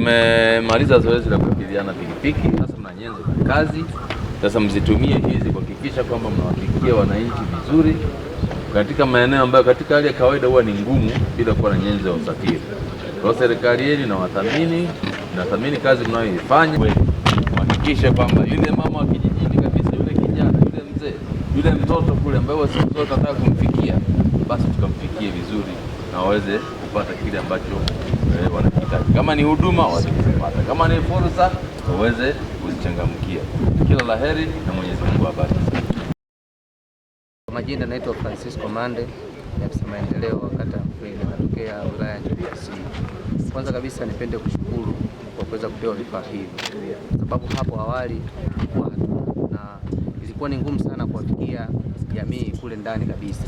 Tumemaliza zoezi la kukabidhiana pikipiki, sasa mna nyenzo za kazi. Sasa mzitumie hizi kuhakikisha kwamba mnawafikia wananchi vizuri katika maeneo ambayo katika hali ya kawaida huwa ni ngumu bila kuwa na nyenzo ya usafiri. Kwa serikali yenu na wathamini, nathamini kazi mnayoifanya kuhakikisha kwamba yule mama wa kijijini kabisa, yule kijana, yule mzee, yule mtoto kule ambaye siku zote nataka kumfikia, basi tukamfikie vizuri na waweze kupata kile ambacho eh, wanakihitaji. Kama ni huduma wazipata, kama ni fursa waweze kuzichangamkia. Kila la heri na Mwenyezi Mungu awabariki. Kwa majina naitwa Francisco Mande, afisa maendeleo wa kata natokea wilaya ya Kwanza kabisa nipende kushukuru kwa kuweza kupewa vifaa hivi, sababu hapo awali ilikuwa ni ngumu sana kuwafikia jamii kule ndani kabisa.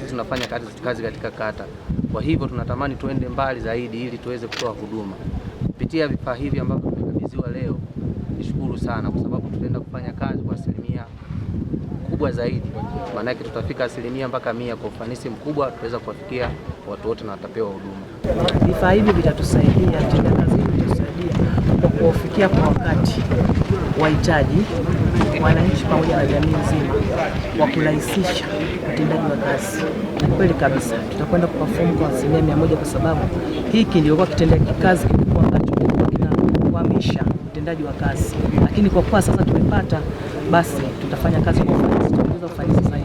Sisi tunafanya kazi, kazi katika kata, kwa hivyo tunatamani tuende mbali zaidi ili tuweze kutoa huduma kupitia vifaa hivi ambavyo tumekabidhiwa leo. Nishukuru sana kwa sababu tutaenda kufanya kazi kwa asilimia kubwa zaidi, maanake tutafika asilimia mpaka mia kwa ufanisi mkubwa, tutaweza kuwafikia watu wote na watapewa huduma. Vifaa hivi vitatusaidia kwa kuwafikia kwa wakati wahitaji wananchi pamoja na jamii nzima wa kurahisisha utendaji wa kazi. Kweli kabisa, tutakwenda kuperform kwa asilimia mia moja kwa sababu hiki ndio kwa kitendea kikazi kilikuwa ambacho kinakwamisha utendaji wa kazi, lakini kwa kuwa sasa tumepata, basi tutafanya kazi kwa ufanisi, tutaongeza ufanisi.